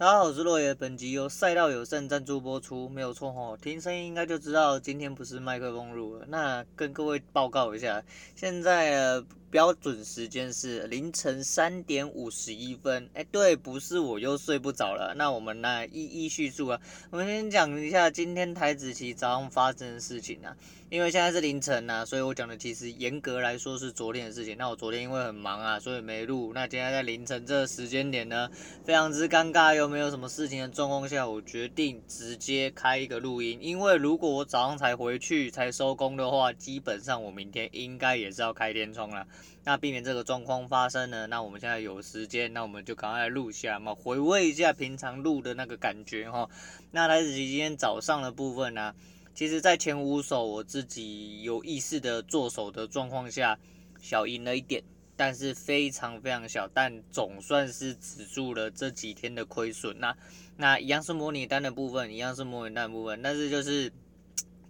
大家好，我是洛野。本集由賽到有剩贊助播出，沒有錯吼。聽聲音應該就知道今天不是麥克風錄了。那跟各位報告一下，現在、呃、標準時間是凌晨三點五十一分。誒、欸、對，不是我又睡不着了。那我們來一一敘述啊。我們先講一下今天台指期早上發生的事情啊。因為現在是凌晨吶、啊，所以我講的其實嚴格來說是昨天的事情。那我昨天因為很忙啊，所以沒錄。那今天在凌晨這個時間點呢，非常之尷尬又沒有什麼事情的狀況下，我決定直接開一個錄音。因為如果我早上才回去才收工的話，基本上我明天應該也是要開天窗了。那避免這個狀況發生呢，那我們現在有時間，那我們就趕快來錄下嘛，回味一下平常錄的那個感覺哈。那來自於今天早上的部分呢、啊。其實，在前五手我自己有意識的做手的狀況下，小贏了一點，但是非常非常小，但總算是止住了這幾天的虧損。那那一樣是模擬單的部分，一樣是模擬單的部分，但是就是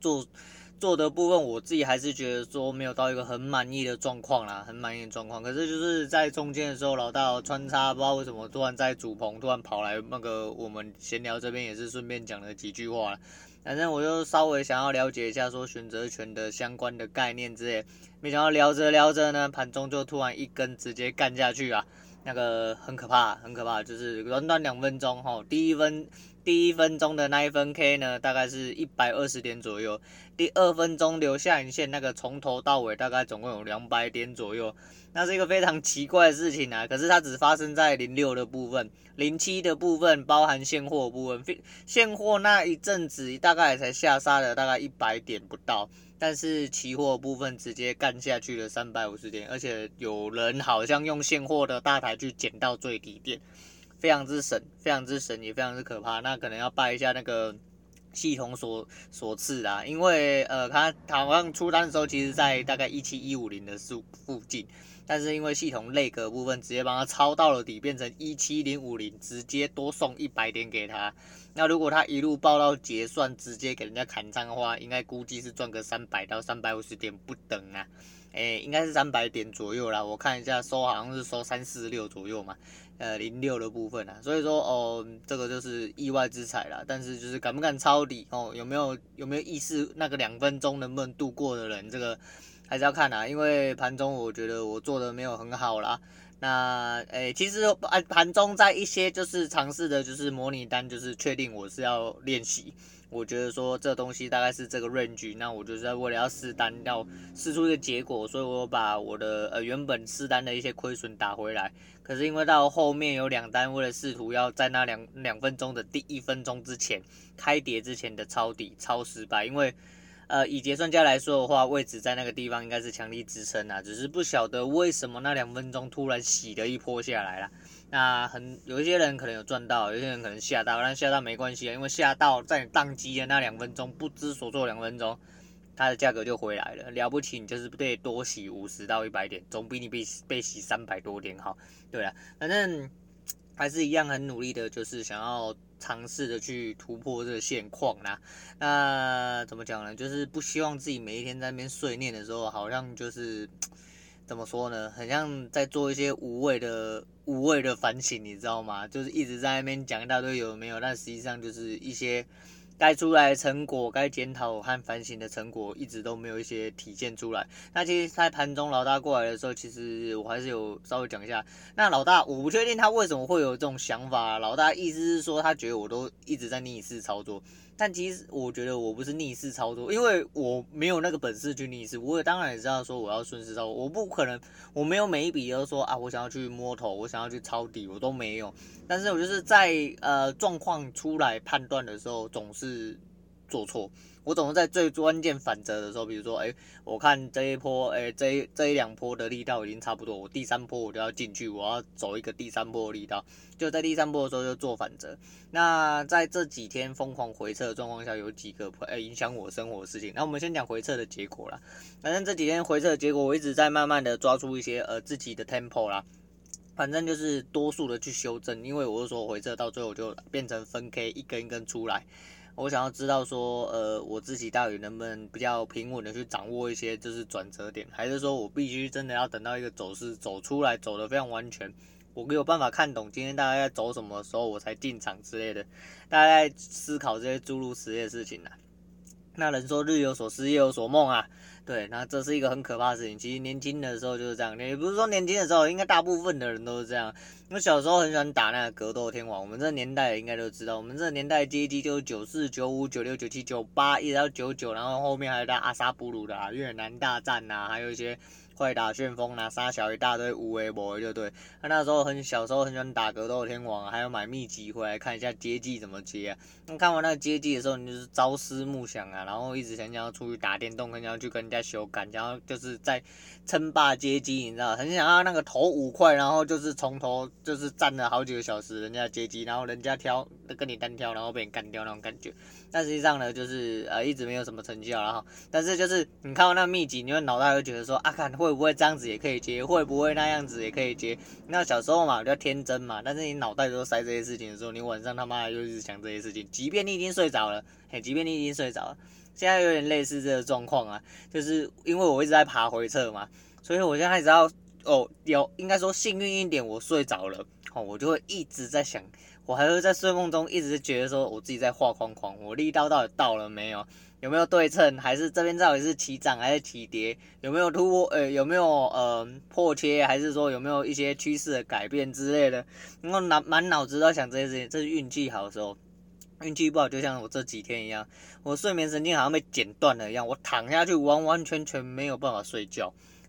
做。做的部分，我自己還是覺得說沒有到一個很滿意的狀況啦，很滿意的狀況。可是就是在中間的時候，老大穿插，不知道為什麼突然在主棚突然跑來那個我們閒聊這邊也是順便講了幾句話啦。反正我就稍微想要了解一下說選擇權的相關的概念之類，沒想到聊着聊着呢，盤中就突然一根直接幹下去啊，那個很可怕，很可怕，就是短短兩分鐘吼，第一分。第一分鐘的那一分 K 呢，大概是一百二十點左右。第二分鐘留下影線，那個從頭到尾大概總共有兩百點左右。那是一個非常奇怪的事情啊！可是它只發生在零六的部分，零七的部分包含現貨部分。現現貨那一陣子大概才下殺了大概一百點不到，但是期貨部分直接幹下去了三百五十點，而且有人好像用現貨的大台去撿到最低點。非常之神，非常之神，也非常之可怕。那可能要拜一下那個系統所所賜啊，因為呃，他好像出單的時候，其實在大概一七一五零的附附近，但是因為系統 lag 部分直接幫他抄到了底，變成一七零五零，直接多送一百點給他。那如果他一路報到結算，直接給人家砍倉的話，應該估計是賺個三百到三百五十點不等啊，誒，應該是三百點左右啦。我看一下收，好像是收三四六左右嘛。呃，零六的部分啊，所以說哦，這個就是意外之財啦。但是就是敢不敢抄底哦，有沒有有沒有意識那個兩分鐘能不能度過的人，這個還是要看啦。因為盤中我覺得我做的沒有很好啦。那誒，其實盤中在一些就是嘗試的就是模擬單，就是確定我是要練習。我覺得說這東西大概是這個 range，那我就是在為了要試單，要試出一個結果，所以我有把我的呃原本試單的一些虧損打回來。可是因為到後面有兩單，為了試圖要在那兩兩分鐘的第一分鐘之前開跌之前的抄底抄失敗，因為呃以結算價來說的話，位置在那個地方應該是強力支撐啊，只是不曉得為什麼那兩分鐘突然洗了一波下來了。那很有一些人可能有賺到，有些人可能嚇到，但嚇到沒關係啊，因為嚇到在你當機的那兩分鐘，不知所措兩分鐘，它的價格就回來了。了不起，你就是被多洗五十到一百點，總比你被被洗三百多點好。對了，反正還是一樣很努力的，就是想要嘗試著去突破這個現況啦。那怎麼講呢？就是不希望自己每一天在那邊碎念的時候，好像就是。怎麼說呢？很像在做一些無謂的、無謂的反省，你知道嗎？就是一直在那邊講一大堆有沒有，但實際上就是一些該出來的成果、該檢討和反省的成果，一直都沒有一些體現出來。那其實，在盤中老大過來的時候，其實我還是有稍微講一下。那老大，我不確定他為什麼會有這種想法。老大意思是說，他覺得我都一直在逆勢操作。但其實我覺得我不是逆勢操作，因為我沒有那個本事去逆勢。我也當然也知道說我要順勢操作，我不可能，我沒有每一筆都說啊，我想要去摸頭，我想要去抄底，我都沒有。但是我就是在呃狀況出來判斷的時候，總是。做錯，我總是在最關鍵反折的時候，比如說，哎、欸，我看這一波，哎、欸，這一這一兩波的力道已經差不多，我第三波我就要進去，我要走一個第三波的力道，就在第三波的時候就做反折。那在這幾天瘋狂回撤的狀況下，有幾個、欸、影響我生活的事情。那我們先講回撤的結果啦。反正這幾天回撤的結果，我一直在慢慢的抓出一些呃自己的 tempo 啦，反正就是多數的去修正，因為我是說回撤到最後就變成分 K 一根一根出來。我想要知道說，呃，我自己到底能不能比較平穩的去掌握一些，就是轉折點，還是說我必須真的要等到一個走勢走出來，走得非常完全，我沒有辦法看懂今天大概在走什麼時候我才進場之類的，大家在思考這些諸如此類的事情呢？那人說日有所思夜有所夢啊，對，那這是一個很可怕的事情。其實年輕的時候就是這樣，也不是說年輕的時候，應該大部分的人都是這樣。我小時候很喜歡打那個格鬥天王，我們這年代也應該都知道，我們這年代第一季就是九四、九五、九六、九七、九八一直到九九，然後後面還有阿薩布魯的、啊、越南大戰啊，還有一些。快打旋風、啊，拿沙小一大堆，有欸無欸就對。那那時候很小時候很喜歡打格鬥天王，還要買秘籍回來看一下接技怎麼接、啊。那看完那個接技的時候，你就是朝思暮想啊，然後一直想，想要出去打電動，想要去跟人家修敢，想要就是在稱霸街機。你知道嗎？很想要那個投五塊，然後就是從頭就是站了好幾個小時人家接技，然後人家挑，跟你單挑，然後被人幹掉那種感覺。但實際上呢，就是呃一直沒有什麼成效，然後，但是就是你看到那祕籍，你就會腦袋會覺得說，啊看會不會這樣子也可以接，會不會那樣子也可以接。那小時候嘛，比較天真嘛，但是你腦袋都塞這些事情的時候，你晚上他媽的就一直想這些事情，即便你已經睡着了，嘿，即便你已經睡着了，現在有點類似這個狀況啊，就是因為我一直在爬回撤嘛，所以我現在只要哦，有應該說幸運一點，我睡着了，哦，我就會一直在想。我還會在睡夢中，一直覺得說我自己在畫框框，我力道到底到了沒有？有沒有對稱？還是這邊到底是起漲還是起跌？有沒有突破？呃、欸，有沒有呃破切？還是說有沒有一些趨勢的改變之類的？然後滿滿腦子都想這些事情。這是運氣好的時候，運氣不好就像我這幾天一樣，我睡眠神經好像被剪斷了一樣，我躺下去完完全全沒有辦法睡覺。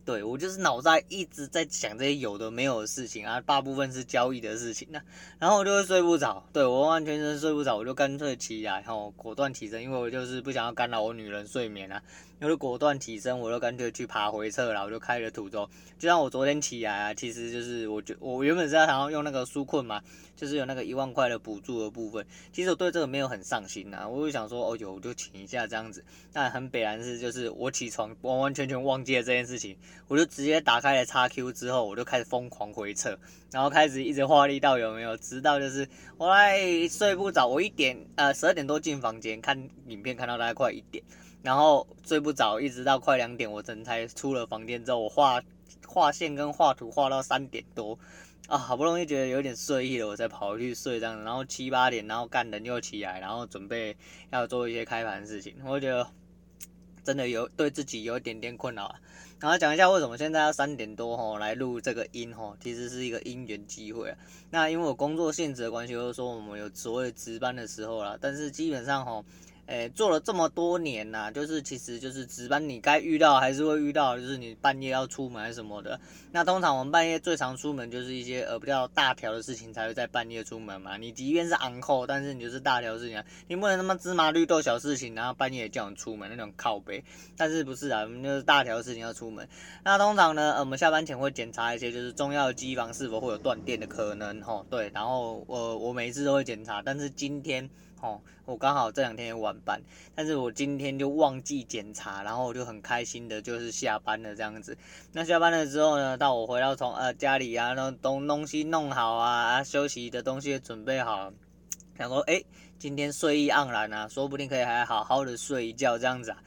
對，我就是腦袋一直在想這些有的沒有的事情啊，大部分是交易的事情啊，然後我就會睡不着。對我完完全全睡不着，我就乾脆起來後、哦、果斷起身，因為我就是不想要干擾我女人睡眠啊。我就果斷起身，我就乾脆去爬回測了。我就開了土豆。就像我昨天起來，啊，其實就是我就我原本是要想要用那個紓困嘛，就是有那個一萬塊的補助的部分。其實我對這個沒有很上心啊，我就想說，哦喲，我就請一下這樣子。但很悲然是，就是，就是我起床完完全全忘記了這件事情，我就直接打開了 XQ 之後，我就開始瘋狂回測，然後開始一直畫力道有沒有？直到就是後來睡不着，我一點呃十二點多進房間看影片，看到大概快一點。然後睡不着，一直到快兩點，我才出了房間。之後我畫，畫線跟畫圖畫到三點多，啊，好不容易覺得有點睡意了，我才跑去睡。這樣，然後七八點，然後幹人又起來，然後準備要做一些開盤事情。我覺得真的有對自己有一點點困擾、啊。然後講一下為什麼現在要三點多吼、哦、來錄這個音吼、哦？其實是一個因緣機會、啊。那因為我工作性質的關係，或者說我們有所謂的值班的時候啦，但是基本上吼、哦。哎、欸，做了這麼多年吶、啊，就是其實就是值班，你該遇到還是會遇到，就是你半夜要出門還是什麼的。那通常我們半夜最常出門就是一些呃比較大條的事情才會在半夜出門嘛。你即便是昂扣，但是你就是大條事情、啊，你不能那麼芝麻綠豆小事情，然後半夜叫你出門那種靠北。但是不是啊？我們就是大條事情要出門。那通常呢，呃、我們下班前會檢查一些，就是重要的機房是否會有斷電的可能吼，對，然後我、呃、我每一次都會檢查，但是今天。哦，我剛好這兩天也晚班，但是我今天就忘記檢查，然後我就很開心的，就是下班了這樣子。那下班了之後呢，到我回到從呃家裡啊，那東東西弄好啊，休息的東西也準備好，然後誒，今天睡意盎然啊，說不定可以還好好的睡一覺這樣子啊，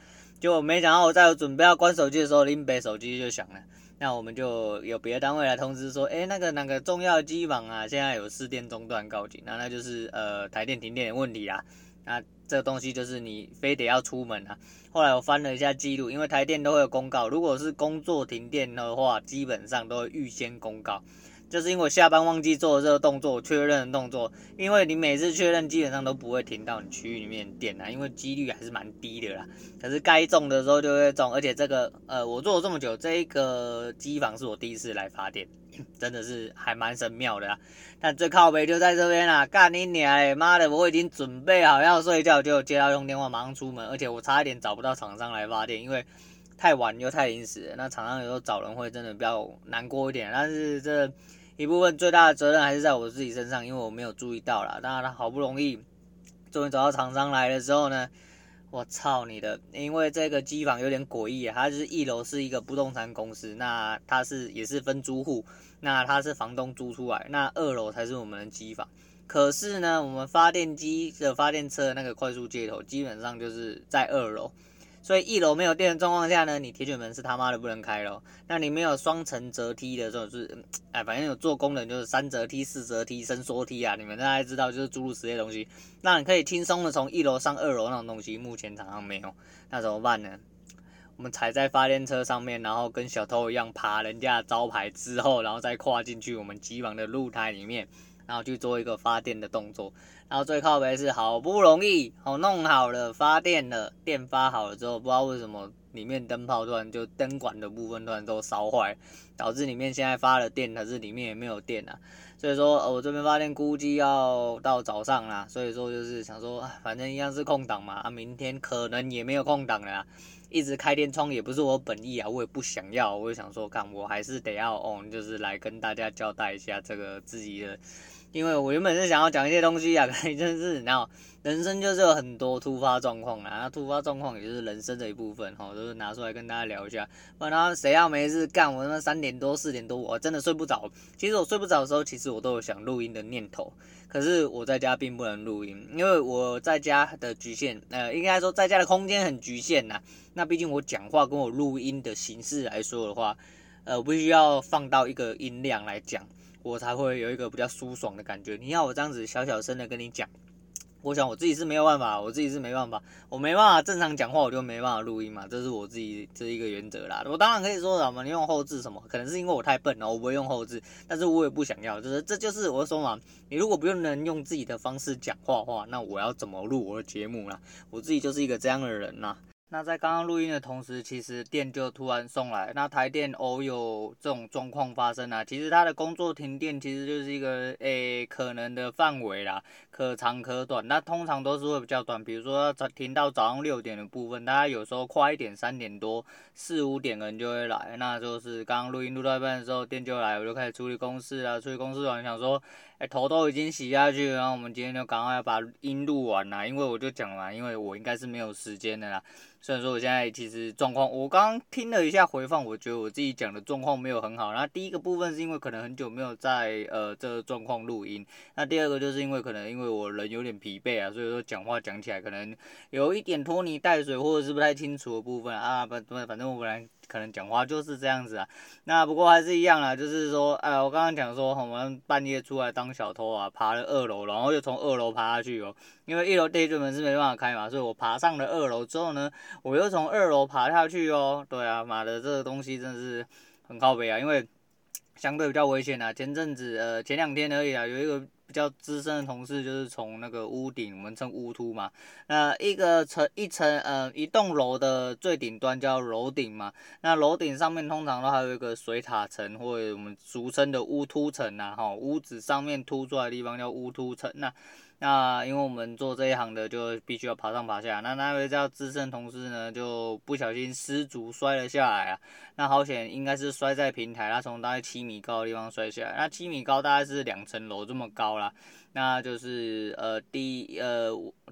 就我沒想到我在準備要關手機的時候，拎北手機就響了。那我們就有別的單位來通知說，哎，那個那個重要的機房啊，現在有市電中斷告警，那那就是呃台電停電的問題啦，啊。那這個東西就是你非得要出門啊。後來我翻了一下記錄，因為台電都會有公告，如果是工作停電的話，基本上都會預先公告。就是因為下班忘記做的這個動作，確認的動作，因為你每次確認基本上都不會停到你區域裡面電啊，因為機率還是蠻低的啦。可是該中的時候就會中，而且這個呃我做了這麼久，這個機房是我第一次來發電，真的是還蠻神妙的啦。但最靠北就在這邊啦，幹你娘、欸！媽的，我已經準備好要睡覺，就接到通電話，馬上出門。而且我差一點找不到廠商來發電，因為太晚又太臨時。那廠商有時候找人會真的比較難過一點，但是這。一部分最大的責任還是在我自己身上，因為我沒有注意到啦。當然，他好不容易終於找到廠商來的時候呢，我操你的！因為這個機房有點詭異啊，它就是一樓是一個不動產公司，那它是也是分租戶，那它是房東租出來，那二樓才是我們的機房。可是呢，我們發電機的發電車那個快速接頭，基本上就是在二樓。所以一樓沒有電的狀況下呢，你鐵捲門是他媽的不能開咯那你沒有雙層折梯的時候、就是哎、呃，反正有做功能就是三折梯、四折梯、伸縮梯啊，你們大家知道，就是諸如此類的東西。那你可以輕鬆的從一樓上二樓那種東西，目前常常沒有，那怎麼辦呢？我們踩在發電車上面，然後跟小偷一樣爬人家的招牌之後，然後再跨進去我們機房的露台裡面，然後去做一個發電的動作。然後最靠北是好不容易哦弄好了發電了，電發好了之後，不知道為什麼裡面燈泡突然就燈管的部分突然都燒壞，導致裡面現在發了電，但是裡面也沒有電了啊。所以說，我這邊發電估計要到早上啦啊。所以說就是想說，反正一樣是空檔嘛，啊，明天可能也沒有空檔了。一直開天窗也不是我本意啊，我也不想要啊。我就想說，看我還是得要，嗯，就是來跟大家交代一下這個自己的。因為我原本是想要講一些東西啊，可以、就是，然後人生就是有很多突發狀況啦，那突發狀況也就是人生的一部分吼，都、就是拿出來跟大家聊一下。不然誰要沒事幹，我那三點多四點多我真的睡不着。其實我睡不着的時候，其實我都有想錄音的念頭，可是我在家並不能錄音，因為我在家的局限，呃，應該說在家的空間很局限吶、啊。那畢竟我講話跟我錄音的形式來說的話，呃，必須要放到一個音量來講。我才會有一個比較舒爽的感覺。你要我這樣子小小聲的跟你講，我想我自己是沒有辦法，我自己是沒辦法，我沒辦法正常講話，我就沒辦法錄音嘛，這是我自己這一個原則啦。我當然可以說什麼，你用後製什麼，可能是因為我太笨了，我不會用後製，但是我也不想要，就是這就是我的說法，你如果不用能用自己的方式講話的話，那我要怎麼錄我的節目呢？我自己就是一個這樣的人吶。那在剛剛錄音的同時，其實電就突然送來。那台電偶有這種狀況發生啦、啊。其實它的工作停電，其實就是一個誒、欸、可能的範圍啦，可長可短。那通常都是會比較短，比如說早停到早上六點的部分，大家有時候快一點三點多、四五點的人就會來。那就是剛剛錄音錄到一半的時候，電就來，我就開始處理公事啊。處理公事完，想說，誒、欸、頭都已經洗下去了，然後我們今天就趕快要把音錄完啦。因為我就講完，因為我應該是沒有時間的啦。雖然說我現在其實狀況，我剛剛聽了一下回放，我覺得我自己講的狀況沒有很好。那第一個部分是因為可能很久沒有在呃這個狀況錄音，那第二個就是因為可能因為我人有點疲憊啊，所以說講話講起來可能有一點拖泥帶水或者是不太清楚的部分啊，反正反正我本來。可能講話就是這樣子啊，那不過還是一樣啦，就是說，哎，我剛剛講說我們半夜出來當小偷啊，爬了二樓，然後又從二樓爬下去哦，因為一樓鐵捲門是沒辦法開嘛，所以我爬上了二樓之後呢，我又從二樓爬下去哦，對啊，媽的，這個東西真的是很靠北啊，因為相對比較危險啊，前陣子呃前兩天而已啊，有一個。比較資深的同事就是從那個屋頂，我們稱屋突嘛，那一個層一層呃一棟樓的最頂端叫樓頂嘛，那樓頂上面通常都還有一個水塔層或者我們俗稱的屋突層吶，哈，屋子上面凸出來的地方叫屋突層那。那因為我們做這一行的，就必須要爬上爬下。那那位叫資深同事呢，就不小心失足摔了下來啊。那好險，應該是摔在平台，他從大概七米高的地方摔下來。那七米高大概是兩層樓這麼高啦。那就是呃第呃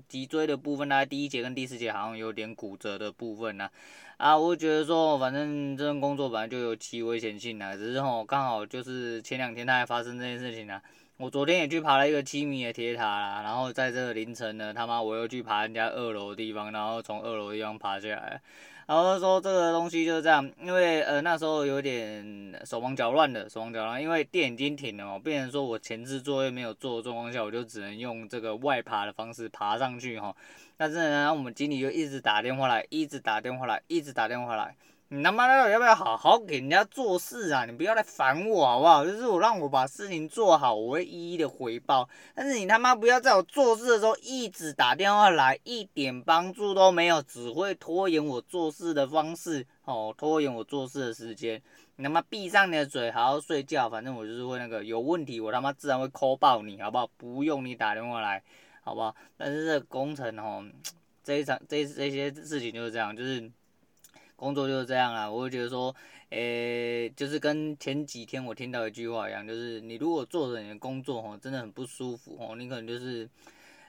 脊椎的部分，大概第一節跟第四節好像有點骨折的部分吶、啊。啊，我覺得說反正這份工作本來就有其危險性啊，只是齁剛好就是前兩天他還發生這件事情呢、啊。我昨天也去爬了一個七米的鐵塔啦，然後在這個凌晨呢，他媽我又去爬人家二樓的地方，然後從二樓地方爬下來。然後說這個東西就是這樣，因為呃那時候有點手忙腳亂的手忙腳亂，因為電已經停了嘛，變成說我前置作業沒有做的狀況下，我就只能用這個外爬的方式爬上去哈。但是呢，我們經理就一直打電話來，一直打電話來，一直打電話來。你他媽到底要不要好好給人家做事啊？你不要來煩我好不好？就是我讓我把事情做好，我會一一的回報。但是你他媽不要在我做事的時候一直打電話來，一點幫助都沒有，只會拖延我做事的方式，哦，拖延我做事的時間。你他媽閉上你的嘴，好好睡覺。反正我就是會那個有問題，我他媽自然會扣爆你，好不好？不用你打電話來，好不好？但是這個工程哦，這一場這一這一些事情就是這樣，就是。工作就是這樣啦，我就覺得說，誒、欸，就是跟前幾天我聽到一句話一樣，就是你如果做着你的工作齁，真的很不舒服齁，你可能就是。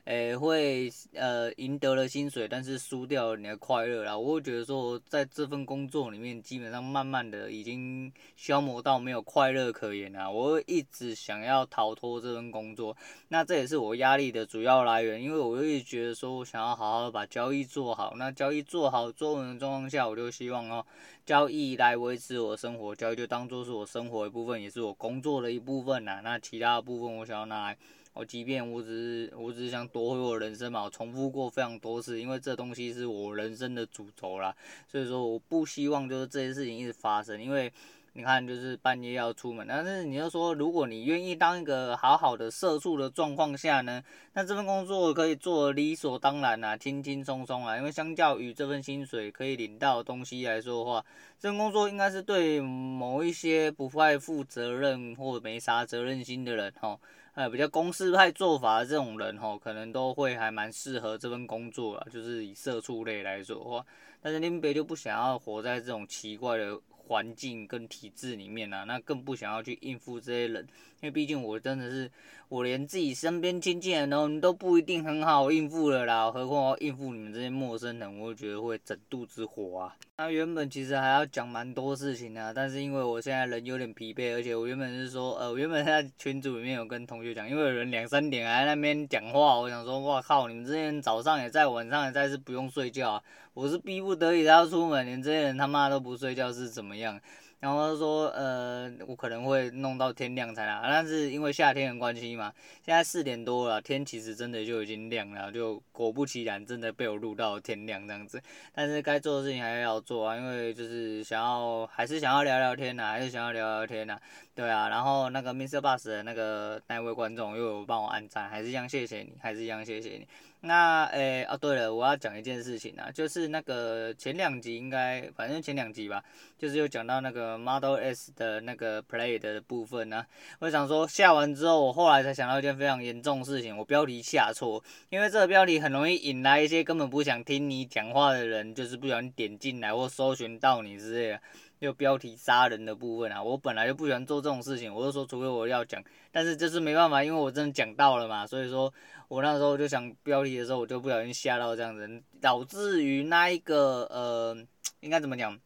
哎、欸，會呃贏得了薪水，但是輸掉了你的快樂啦。我會覺得說，在這份工作裡面，基本上慢慢的已經消磨到沒有快樂可言啦。我會一直想要逃脫這份工作，那這也是我壓力的主要來源，因為我會覺得說我想要好好的把交易做好。那交易做好、做穩的狀況下，我就希望哦、喔，交易來維持我的生活，交易就當做是我生活的一部分，也是我工作的一部分啦。那其他的部分，我想要拿來。我即便我只是，我只是想奪回我的人生嘛，我重複過非常多次，因為這東西是我人生的主軸啦。所以說，我不希望就是這些事情一直發生，因為你看，就是半夜要出門，但是你要說，如果你願意當一個好好的社畜的狀況下呢，那這份工作可以做理所當然啊，輕輕鬆鬆啊，因為相較於這份薪水可以領到的東西來說的話，這份工作應該是對某一些不太負責任或者沒啥責任心的人齁。哎，比較公式派做法的這種人吼，可能都會還蠻適合這份工作啦，就是以社畜類來說的話，但是林北就不想要活在這種奇怪的。環境跟體制裡面吶、啊，那更不想要去應付這些人，因為畢竟我真的是，我連自己身邊親近的人，都都不一定很好應付了啦，何況我要應付你們這些陌生人，我就覺得會整肚子火啊。那原本其實還要講蠻多事情啊，但是因為我現在人有點疲憊，而且我原本是說，呃，我原本在群組裡面有跟同學講，因為有人兩三點還在那邊講話，我想說，哇靠，你們之前早上也在，晚上也在，是不用睡覺啊。我是逼不得已他要出門，連這些人他媽都不睡覺是怎麼樣？然後他說，呃，我可能會弄到天亮才來。但是因為夏天的關係嘛，現在四點多了，天其實真的就已經亮了。就果不其然，真的被我錄到天亮這樣子。但是該做的事情還是要做啊，因為就是想要還是想要聊聊天吶，還是想要聊聊天吶、啊啊，對啊。然後那個 Mr. Bus 的那個那位觀眾又有幫我按讚，還是一樣謝謝你，還是一樣謝謝你。那誒、欸、哦，啊、對了，我要講一件事情啊，就是那個前兩集應該，反正前兩集吧，就是有講到那個 Model S 的那個 Play 的部分呢、啊。我想說下完之後，我後來才想到一件非常嚴重的事情，我標題下錯，因為這個標題很容易引來一些根本不想聽你講話的人，就是不小心點進來或搜尋到你之類的。就標題殺人的部分啊，我本來就不喜歡做這種事情。我就說，除非我要講，但是就是沒辦法，因為我真的講到了嘛。所以說，我那時候就想標題的時候，我就不小心嚇到這樣子，導致於那一個呃，應該怎麼講？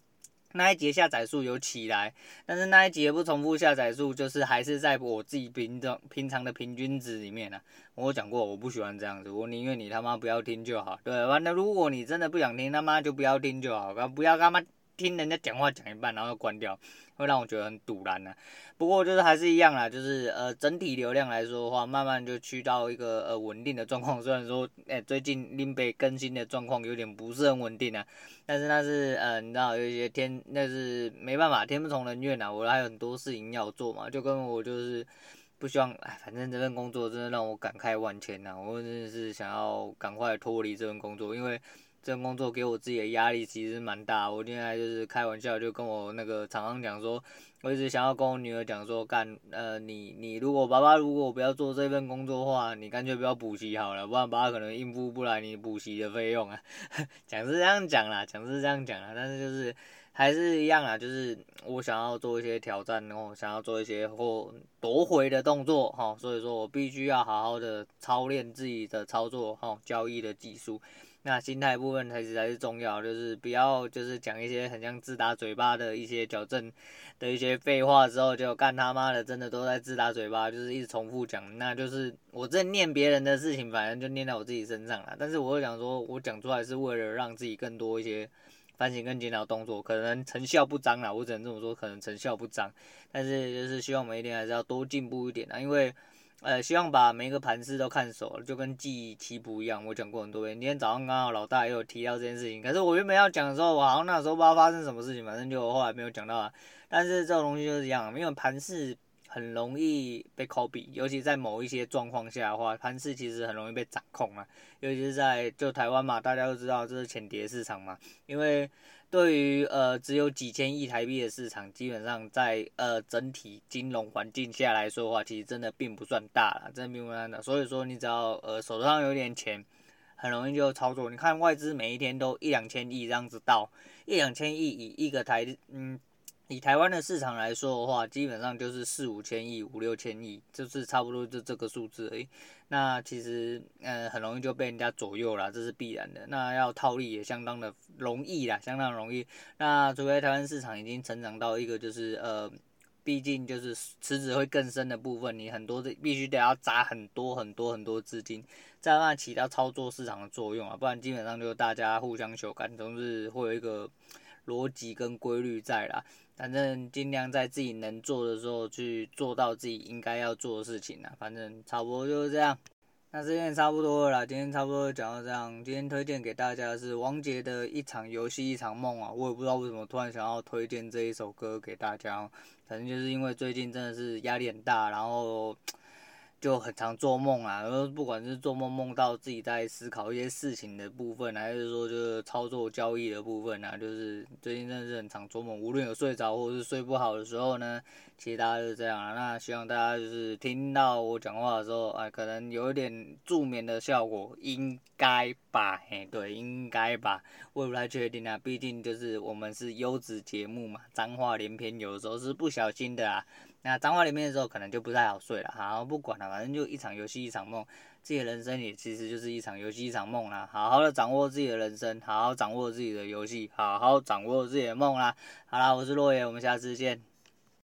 那一集下載數有起來，但是那一集不重複下載數，就是還是在我自己平常平常的平均值裡面啊。我有講過，我不喜歡這樣子，我寧願你他媽不要聽就好。對吧？那如果你真的不想聽，他媽就不要聽就好，不要他媽。聽人家講話講一半，然後就關掉，會讓我覺得很賭爛吶。不過就是還是一樣啦，就是呃整體流量來說的話，慢慢就去到一個呃穩定的狀況。雖然說哎、欸、最近林北更新的狀況有點不是很穩定啊，但是那是呃你知道有一些天，那是沒辦法，天不從人願吶、啊。我還有很多事情要做嘛，就跟我就是不希望哎，反正這份工作真的讓我感慨萬千吶。我真的是想要趕快脫離這份工作，因為。這份工作給我自己的壓力其實蠻大，我今天還就是開玩笑，就跟我那個廠商講說，我一直想要跟我女兒講說，幹，呃，你你如果爸爸如果不要做這份工作的話，你乾脆不要補習好了，不然爸爸可能應付不來你補習的費用啊。講 是這樣講啦，講是這樣講啦，但是就是還是一樣啊，就是我想要做一些挑戰，然後、哦、想要做一些或奪回的動作哈、哦，所以說我必須要好好的操練自己的操作哈、哦，交易的技術。那心態部分才是才是重要，就是不要就是講一些很像自打嘴巴的一些矯正的一些廢話，之後就幹他媽的真的都在自打嘴巴，就是一直重複講，那就是我在念別人的事情，反正就念到我自己身上了。但是我會講說，我講出來是為了讓自己更多一些反省跟檢討動作，可能成效不彰啦，我只能這麼說，可能成效不彰，但是就是希望每一天還是要多進步一點啊，因為。呃，希望把每一個盤勢都看熟了，就跟記憶棋譜一樣。我講過很多遍，今天早上剛好老大也有提到這件事情。可是我原本要講的時候，我好像那時候不知道發生什麼事情，反正就後來沒有講到啊。但是這種東西就是這樣，因為盤勢。很容易被扣比，尤其在某一些狀況下的話，盤勢其實很容易被掌控嘛。尤其是在就台灣嘛，大家都知道這是淺碟市場嘛。因為對於呃只有幾千億台幣的市場，基本上在呃整體金融環境下來說的話，其實真的並不算大了，真的並不算大。所以說你只要呃手上有點錢，很容易就操作。你看外資每一天都一兩千億這樣子到，一兩千億以一個台嗯。以台灣的市場來說的話，基本上就是四五千億、五六千億，就是差不多就這個數字而已。那其實，呃，很容易就被人家左右啦，這是必然的。那要套利也相當的容易啦，相當的容易。那除非台灣市場已經成長到一個就是，呃，畢竟就是池子會更深的部分，你很多的必須得要砸很多很多很多資金，這那起到操作市場的作用啊。不然基本上就大家互相修改，總是會有一個邏輯跟規律在啦。反正盡量在自己能做的時候去做到自己應該要做的事情啊，反正差不多就是這樣。那今天差不多了啦，今天差不多講到這樣。今天推薦給大家的是王傑的一場遊戲一場夢啊，我也不知道為什麼突然想要推薦這一首歌給大家，反正就是因為最近真的是壓力很大，然後。就很常做夢啊，然後不管是做夢夢到自己在思考一些事情的部分，還是說就是操作交易的部分啊，就是最近真的是很常做夢。無論有睡着或者是睡不好的時候呢，其他是這樣啊。那希望大家就是聽到我講話的時候，哎，可能有一點助眠的效果，應該吧？對，應該吧？我也不太確定啊，畢竟就是我們是優質節目嘛，髒話連篇，有的時候是不小心的啊。那髒話裡面的時候，可能就不太好睡了。好，不管了，反正就一場遊戲一場夢，自己的人生也其實就是一場遊戲一場夢啦。好好的掌握自己的人生，好好掌握自己的遊戲，好好掌握自己的夢啦。好啦，我是洛言，我們下次見。